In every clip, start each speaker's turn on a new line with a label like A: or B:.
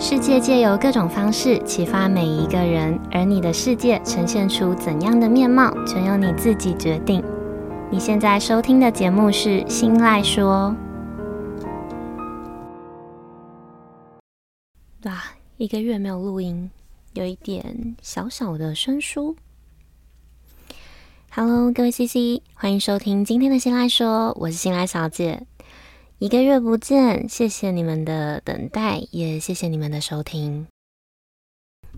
A: 世界借由各種方式啟發每一個人，而你的世界呈現出怎樣的面貌，全由你自己決定。你現在收聽的節目是《心賴說》。哇，一個月沒有錄音，有一點小小的生疏。Hello，各位 C C，歡迎收聽今天的《心賴說》，我是心賴小姐。一個月不見，謝謝你們的等待，也謝謝你們的收聽。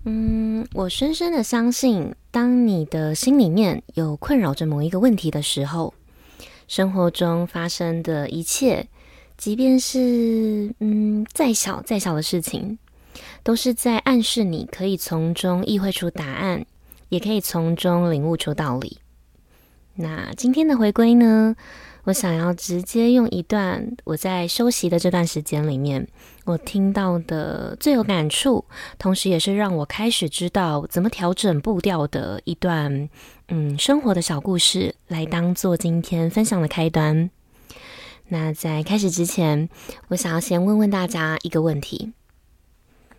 A: 嗯，我深深的相信，當你的心裡面有困擾着某一個問題的時候，生活中發生的一切，即便是嗯再小再小的事情，都是在暗示你可以從中意會出答案，也可以從中領悟出道理。那今天的回歸呢，我想要直接用一段我在休息的這段時間裡面，我聽到的最有感觸，同時也是讓我開始知道怎麼調整步調的一段，嗯，生活的小故事，來當做今天分享的開端。那在開始之前，我想要先問問大家一個問題：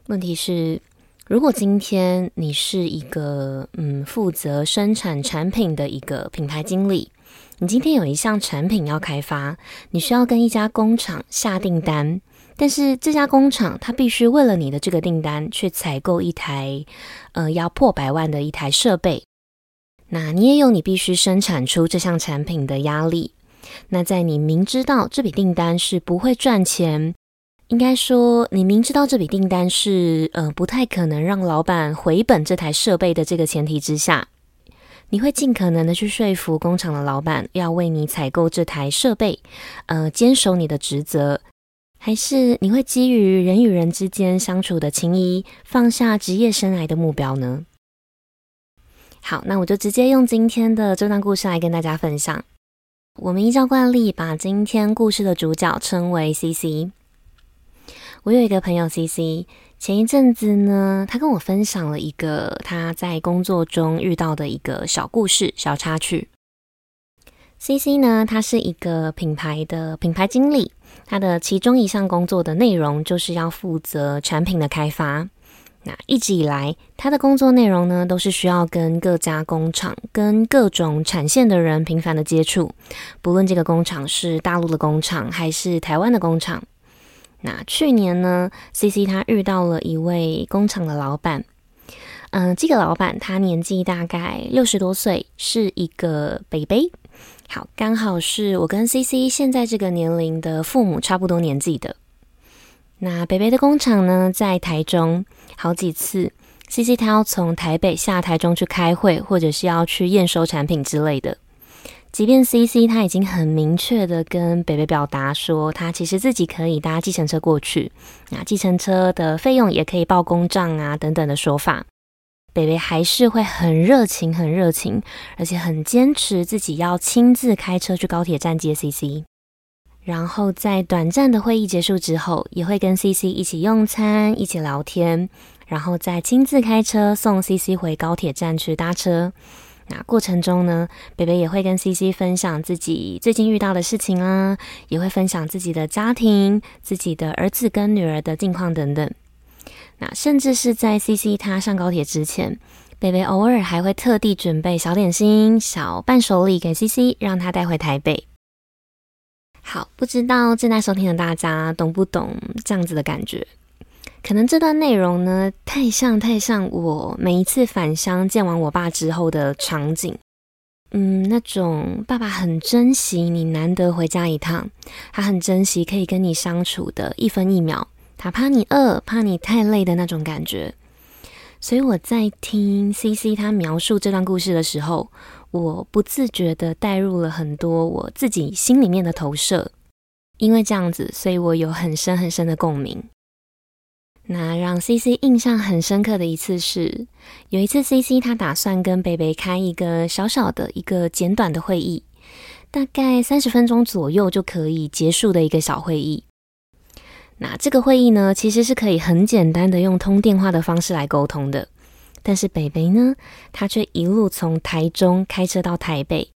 A: 問題是，如果今天你是一個嗯，負責生產產品的一個品牌經理，你今天有一項產品要開發，你需要跟一家工廠下訂單，但是這家工廠他必須為了你的這個訂單去採購一台，呃，要破百萬的一台設備。那你也有你必須生產出這項產品的壓力。那在你明知道這筆訂單是不會賺錢，應該說你明知道這筆訂單是，呃，不太可能讓老闆回本這台設備的這個前提之下。你會盡可能的去說服工廠的老板要為你採購這台設備，呃，堅守你的職責，還是你會基於人與人之間相處的情誼，放下職業生涯的目標呢？好，那我就直接用今天的這段故事來跟大家分享。我們依照慣例，把今天故事的主角稱為 CC。我有一個朋友 CC。前一陣子呢，他跟我分享了一個他在工作中遇到的一個小故事、小插曲。CC 呢，他是一個品牌的品牌經理，他的其中一項工作的內容就是要負責產品的開發。那一直以來，他的工作內容呢，都是需要跟各家工廠、跟各種產線的人頻繁的接觸，不論這個工廠是大陸的工廠，還是台灣的工廠。那去年呢，C C 他遇到了一位工廠的老闆，嗯、呃，這個老闆他年紀大概六十多歲，是一個北北，好，剛好是我跟 C C 現在這個年齡的父母差不多年紀的。那北北的工廠呢，在台中，好幾次，C C 他要從台北下台中去開會，或者是要去驗收產品之類的。即便 C C 他已經很明確地跟北北表達說，他其實自己可以搭計程車過去，那、啊、計程車的費用也可以報公賬啊，等等的說法，北北還是會很熱情，很熱情，而且很堅持自己要親自開車去高鐵站接 C C，然後在短暫的會議結束之後，也會跟 C C 一起用餐，一起聊天，然後再親自開車送 C C 回高鐵站去搭車。那過程中呢，北北也會跟 CC 分享自己最近遇到的事情啦、啊，也會分享自己的家庭、自己的兒子跟女兒的近況等等。那甚至是在 CC 他上高鐵之前，北北偶爾還會特地準備小點心、小伴手禮給 CC，讓她帶回台北。好，不知道正在收聽的大家懂不懂這樣子的感覺？可能這段內容呢，太像太像我每一次返鄉見完我爸之後的場景。嗯，那種爸爸很珍惜你難得回家一趟，他很珍惜可以跟你相處的一分一秒，他怕你餓，怕你太累的那種感覺。所以我在聽 CC 他描述這段故事的時候，我不自覺地帶入了很多我自己心裡面的投射，因為這樣子，所以我有很深很深的共鳴。那讓 CC 印象很深刻的一次是，有一次 CC 他打算跟北北開一個小小的一個簡短的會議，大概三十分鐘左右就可以結束的一個小會議。那這個會議呢，其實是可以很簡單的用通電話的方式來溝通的，但是北北呢，他卻一路從台中開車到台北，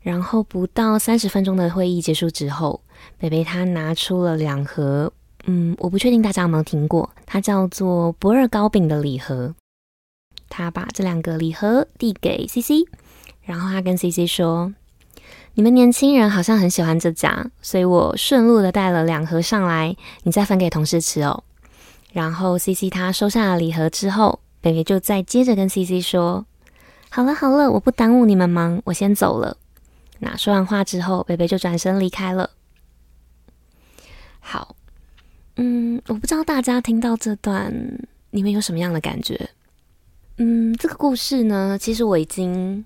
A: 然後不到三十分鐘的會議結束之後，北北他拿出了兩盒。嗯，我不確定大家有沒有聽過，它叫做不二糕餅的禮盒。他把這兩個禮盒遞給 C C，然後他跟 C C 說：“你們年輕人好像很喜歡這家，所以我順路的帶了兩盒上來，你再分給同事吃哦。”然後 C C 他收下了禮盒之後，貝貝就再接着跟 C C 說：“好了好了，我不耽誤你們忙，我先走了。”那說完話之後，貝貝就轉身離開了。好。嗯，我不知道大家聽到這段，你們有什麼樣的感覺？嗯，這個故事呢，其實我已經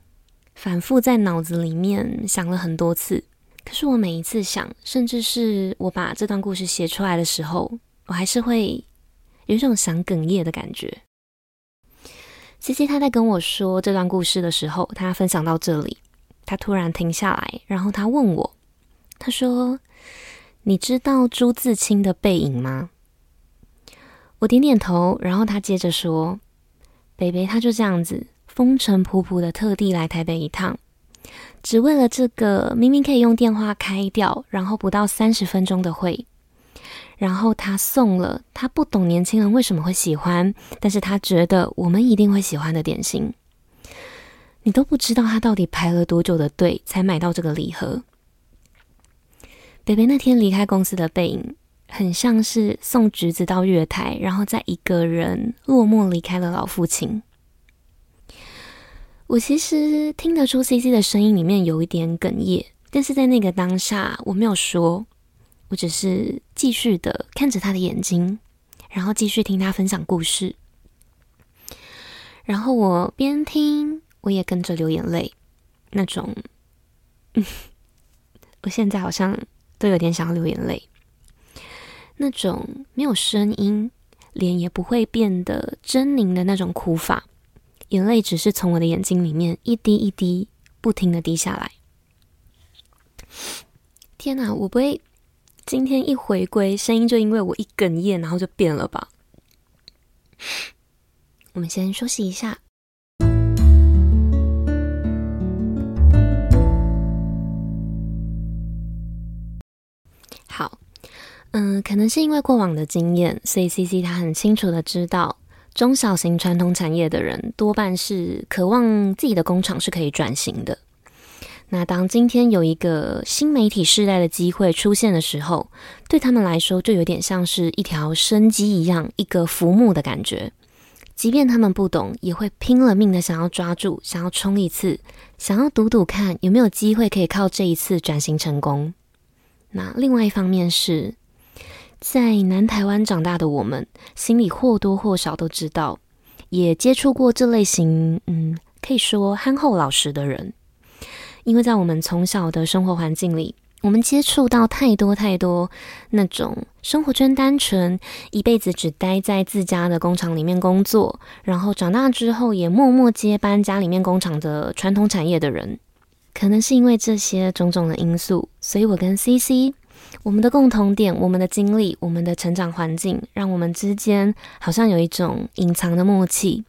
A: 反覆在腦子裡面想了很多次。可是我每一次想，甚至是我把這段故事寫出來的時候，我還是會有一種想哽咽的感覺。cc 他在跟我說這段故事的時候，他分享到這裡，他突然停下來，然後他問我，他說。你知道朱自清的背影嗎？我點點頭，然後他接着說：“北北他就這樣子風塵僕僕的特地來台北一趟，只為了這個明明可以用電話開掉，然後不到三十分鐘的會。然後他送了他不懂年輕人為什麼會喜歡，但是他覺得我們一定會喜歡的點心。你都不知道他到底排了多久的隊才買到這個禮盒。”北北那天離開公司的背影，很像是送橘子到月台，然後再一個人落寞離開了老父親。我其實聽得出 C C 的聲音裡面有一點哽咽，但是在那個當下我沒有說，我只是繼續的看着他的眼睛，然後繼續聽他分享故事。然後我邊聽我也跟着流眼淚，那種， 我現在好像。都有點想流眼淚，那種沒有聲音，臉也不會變得猙獰的那種哭法，眼淚只是從我的眼睛裡面一滴一滴不停的滴下來。天哪，我不會今天一回歸，聲音就因為我一哽咽，然後就變了吧？我們先休息一下。嗯、呃，可能是因為過往的經驗，所以 CC 他很清楚的知道，中小型傳統產業的人多半是渴望自己的工廠是可以轉型的。那當今天有一個新媒體世代的機會出現的時候，對他們來說就有點像是一條生機一樣，一個浮木的感覺。即便他們不懂，也會拼了命的想要抓住，想要衝一次，想要賭賭看有沒有機會可以靠這一次轉型成功。那另外一方面是。在南台灣長大的我們，心裡或多或少都知道，也接觸過這類型，嗯，可以說憨厚老實的人。因為在我們從小的生活環境裡，我們接觸到太多太多那種生活圈單純，一輩子只待在自家的工廠裡面工作，然後長大之後也默默接班家裡面工廠的傳統產業的人。可能是因為這些種種的因素，所以我跟 CC。我們的共同點，我們的經歷，我們的成長環境，讓我們之間好像有一種隱藏的默契。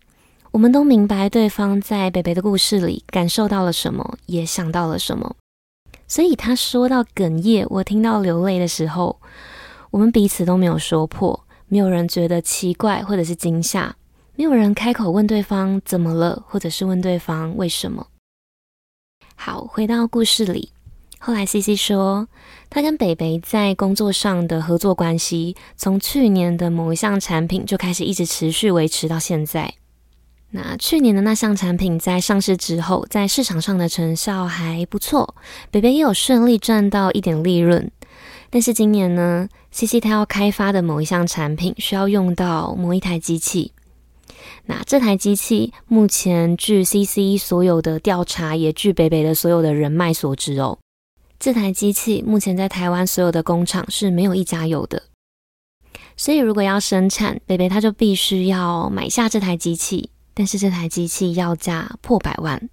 A: 我們都明白對方在北北的故事裡感受到了什麼，也想到了什麼。所以他說到哽咽，我聽到流淚的時候，我們彼此都沒有說破，沒有人覺得奇怪或者是驚嚇，沒有人開口問對方怎麼了，或者是問對方為什麼。好，回到故事裡。後來，CC 說，他跟北北在工作上的合作關係，從去年的某一項產品就開始一直持續維持到現在。那去年的那項產品在上市之後，在市場上的成效還不錯，北北也有順利賺到一點利潤。但是今年呢，CC 他要開發的某一項產品需要用到某一台機器。那這台機器目前據 CC 所有的調查，也據北北的所有的人脈所知哦。這台機器目前在台灣所有的工廠是沒有一家有的，所以如果要生產，北北他就必須要買下這台機器。但是這台機器要價破百萬，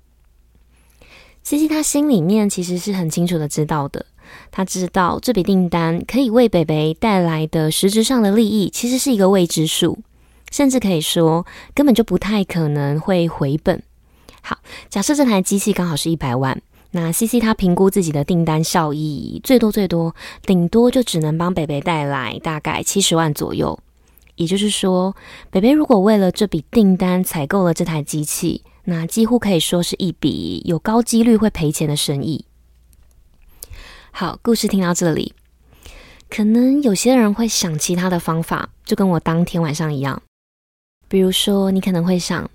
A: 希希他心裡面其實是很清楚的知道的，他知道這筆訂單可以為北北帶來的實質上的利益其實是一個未知數，甚至可以說根本就不太可能會回本。好，假設這台機器剛好是一百萬。那 C C 他評估自己的訂單效益，最多最多頂多就只能幫北北帶來大概七十萬左右，也就是說，北北如果為了這筆訂單採購了這台機器，那幾乎可以說是一筆有高幾率會賠錢的生意。好，故事聽到這裡，可能有些人會想其他的方法，就跟我當天晚上一樣，比如說你可能會想。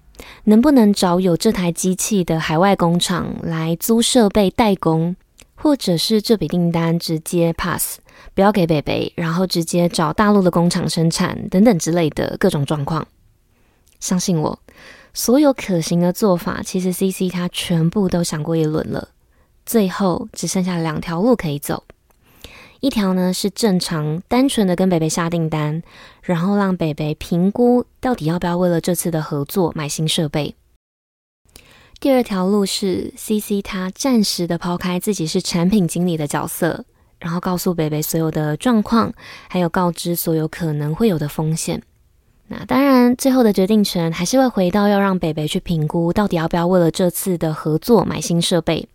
A: 能不能找有這台機器的海外工廠來租設備代工，或者是這筆訂單直接 pass，不要給北北，然後直接找大陸的工廠生產等等之類的各種狀況。相信我，所有可行的做法，其實 CC 他全部都想過一輪了，最後只剩下兩條路可以走。一條呢是正常單純的跟北北下訂單，然後讓北北評估到底要不要為了這次的合作買新設備。第二條路是 CC 他暫時的拋開自己是產品經理的角色，然後告訴北北所有的狀況，還有告知所有可能會有的風險。那當然，最後的決定權還是會回到要讓北北去評估到底要不要為了這次的合作買新設備。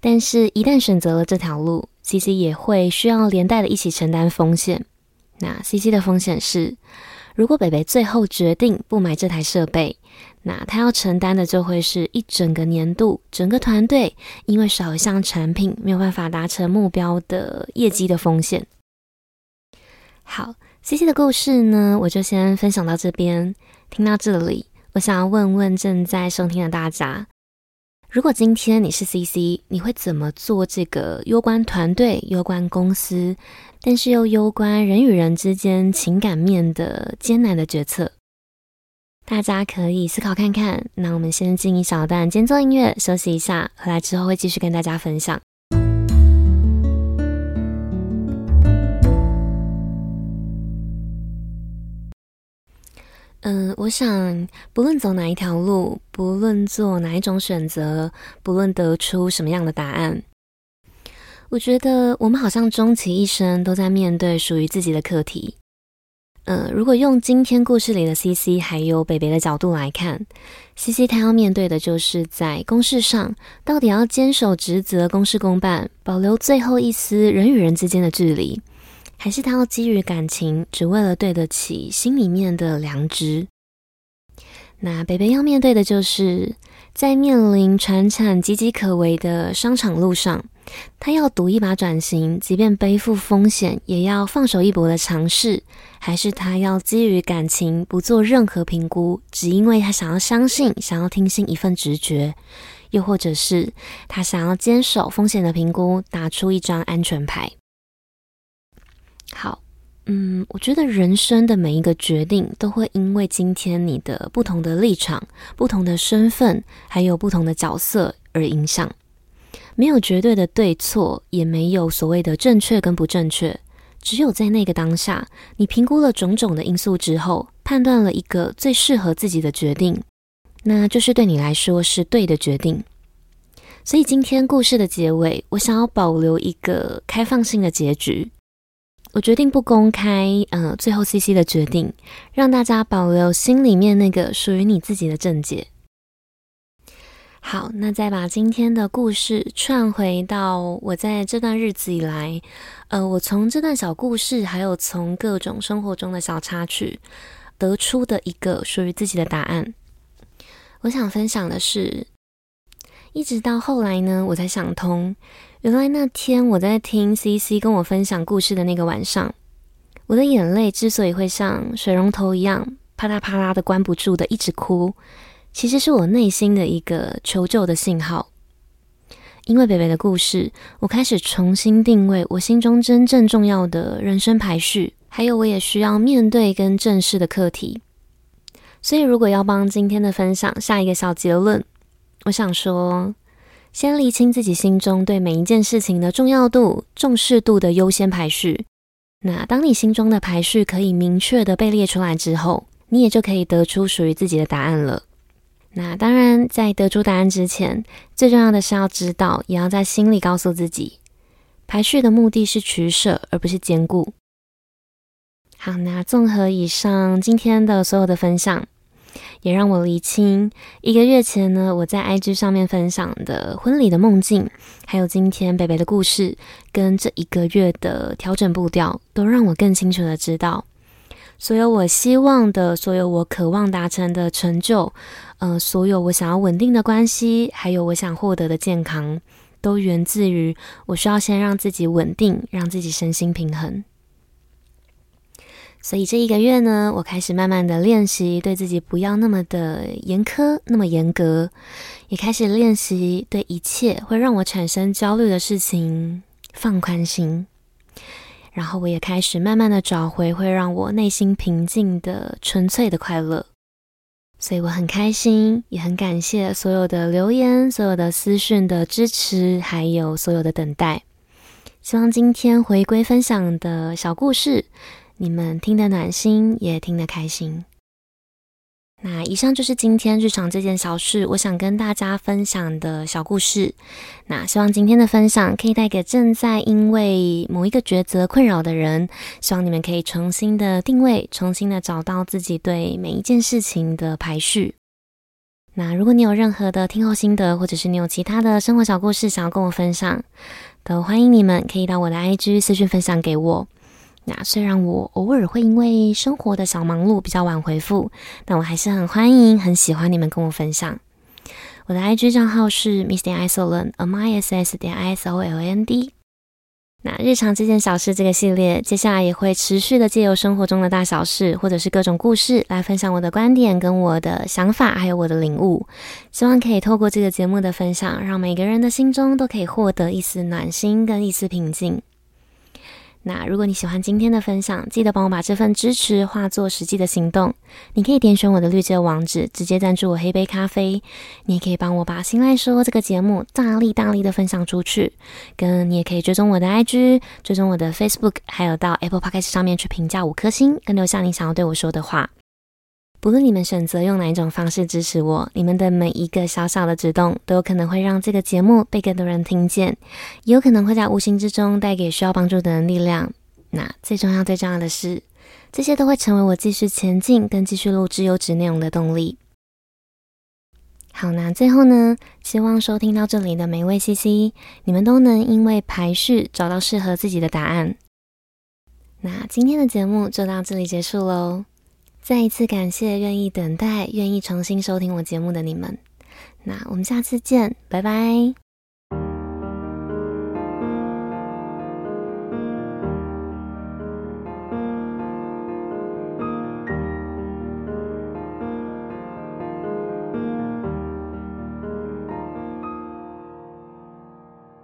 A: 但是，一旦選擇了這條路。C C 也會需要連帶的一起承擔風險。那 C C 的風險是，如果北北最後決定不買這台設備，那他要承擔的就會是一整個年度，整個團隊因為少一項產品沒有辦法達成目標的業績的風險。好，C C 的故事呢，我就先分享到這邊。聽到這裡，我想要問問正在收聽的大家。如果今天你是 CC，你會怎麼做這個攸關團隊、攸關公司，但是又攸關人與人之間情感面的艱難的決策？大家可以思考看看。那我們先進一小段間奏音樂，休息一下，回來之後會繼續跟大家分享。嗯、呃，我想，不論走哪一條路，不論做哪一種選擇，不論得出什麼樣的答案，我覺得我們好像終其一生都在面對屬於自己的課題。嗯、呃，如果用今天故事裡的 CC 還有北北的角度來看，CC 他要面對的就是在公事上到底要堅守職責，公事公辦，保留最後一絲人與人之間的距離。還是他要基於感情，只為了對得起心裡面的良知。那北北要面對的就是，在面臨傳產岌岌可危的商場路上，他要賭一把轉型，即便背負風險，也要放手一搏的嘗試；還是他要基於感情，不做任何評估，只因為他想要相信，想要聽信一份直覺；又或者是他想要堅守風險的評估，打出一張安全牌。好，嗯，我覺得人生的每一個決定都會因為今天你的不同的立場、不同的身份，還有不同的角色而影響。沒有絕對的對錯，也沒有所謂的正確跟不正確，只有在那個當下，你評估了種種的因素之後，判斷了一個最適合自己的決定，那就是對你來說是對的決定。所以今天故事的結尾，我想要保留一個開放性的結局。我決定不公開，呃，最後 CC 的決定，讓大家保留心裡面那個屬於你自己的正解。好，那再把今天的故事串回到我在這段日子以來，呃，我從這段小故事，還有從各種生活中的小插曲，得出的一個屬於自己的答案。我想分享的是，一直到後來呢，我才想通。原來那天我在聽 CC 跟我分享故事的那個晚上，我的眼淚之所以會像水龍頭一樣啪啦啪啦的關不住的一直哭，其實是我內心的一個求救的信號。因為北北的故事，我開始重新定位我心中真正重要的人生排序，還有我也需要面對跟正視的課題。所以如果要幫今天的分享下一個小結論，我想說，先理清自己心中對每一件事情的重要度、重視度的優先排序。那當你心中的排序可以明確的被列出來之後，你也就可以得出屬於自己的答案了。那當然，在得出答案之前，最重要的是要知道，也要在心裡告訴自己，排序的目的是取捨，而不是兼顧。好，那綜合以上今天的所有的分享。也讓我釐清，一個月前呢，我在 IG 上面分享的婚禮的夢境，還有今天北北的故事，跟這一個月的調整步調，都讓我更清楚的知道，所有我希望的，所有我渴望達成的成就，呃，所有我想要穩定的關係，還有我想獲得的健康，都源自於我需要先讓自己穩定，讓自己身心平衡。所以這一個月呢，我開始慢慢的練習對自己不要那麼的嚴苛，那麼嚴格，也開始練習對一切會讓我產生焦慮的事情放寬心。然後我也開始慢慢的找回會讓我內心平靜的純粹的快樂。所以我很開心，也很感謝所有的留言，所有的私訊的支持，還有所有的等待。希望今天回歸分享的小故事，你們聽得暖心，也聽得開心。那以上就是今天日常這件小事，我想跟大家分享的小故事。那希望今天的分享可以帶給正在因為某一個抉擇困擾的人，希望你們可以重新的定位，重新的找到自己對每一件事情的排序。那如果你有任何的聽後心得，或者是你有其他的生活小故事想要跟我分享，都歡迎你們可以到我的 IG 私訊分享給我。那雖然我偶爾會因為生活的小忙碌比較晚回復，但我還是很歡迎、很喜歡你們跟我分享。我的 IG 賬號是 miss 點 isoland，m i s s 點 i s o l a n d。那日常這件小事這個系列，接下來也會持續的借由生活中的大小事，或者是各種故事來分享我的觀點、跟我的想法，還有我的領悟。希望可以透過這個節目的分享，讓每個人的心中都可以獲得一絲暖心跟一絲平靜。那如果你喜歡今天的分享，記得幫我把這份支持化作實際的行動。你可以點選我的綠界網址，直接贊助我喝杯咖啡。你也可以幫我把心賴說這個節目大力大力的分享出去。跟你也可以追蹤我的 IG，追蹤我的 Facebook，還有到 Apple Podcast 上面去評價五顆星，跟留下你想要對我說的話。不論你們選擇用哪一種方式支持我，你們的每一個小小的舉動都有可能會讓這個節目被更多人聽見，也有可能會在無形之中帶給需要幫助的人力量。那最重要、最重要的是，這些都會成為我繼續前進跟繼續錄製優質內容的動力。好，那最後呢，希望收聽到這裡的每一位 CC，你們都能因為排序找到適合自己的答案。那今天的節目就到這裡結束嘍。再一次感謝願意等待、願意重新收聽我節目的你們，那我們下次見，拜拜。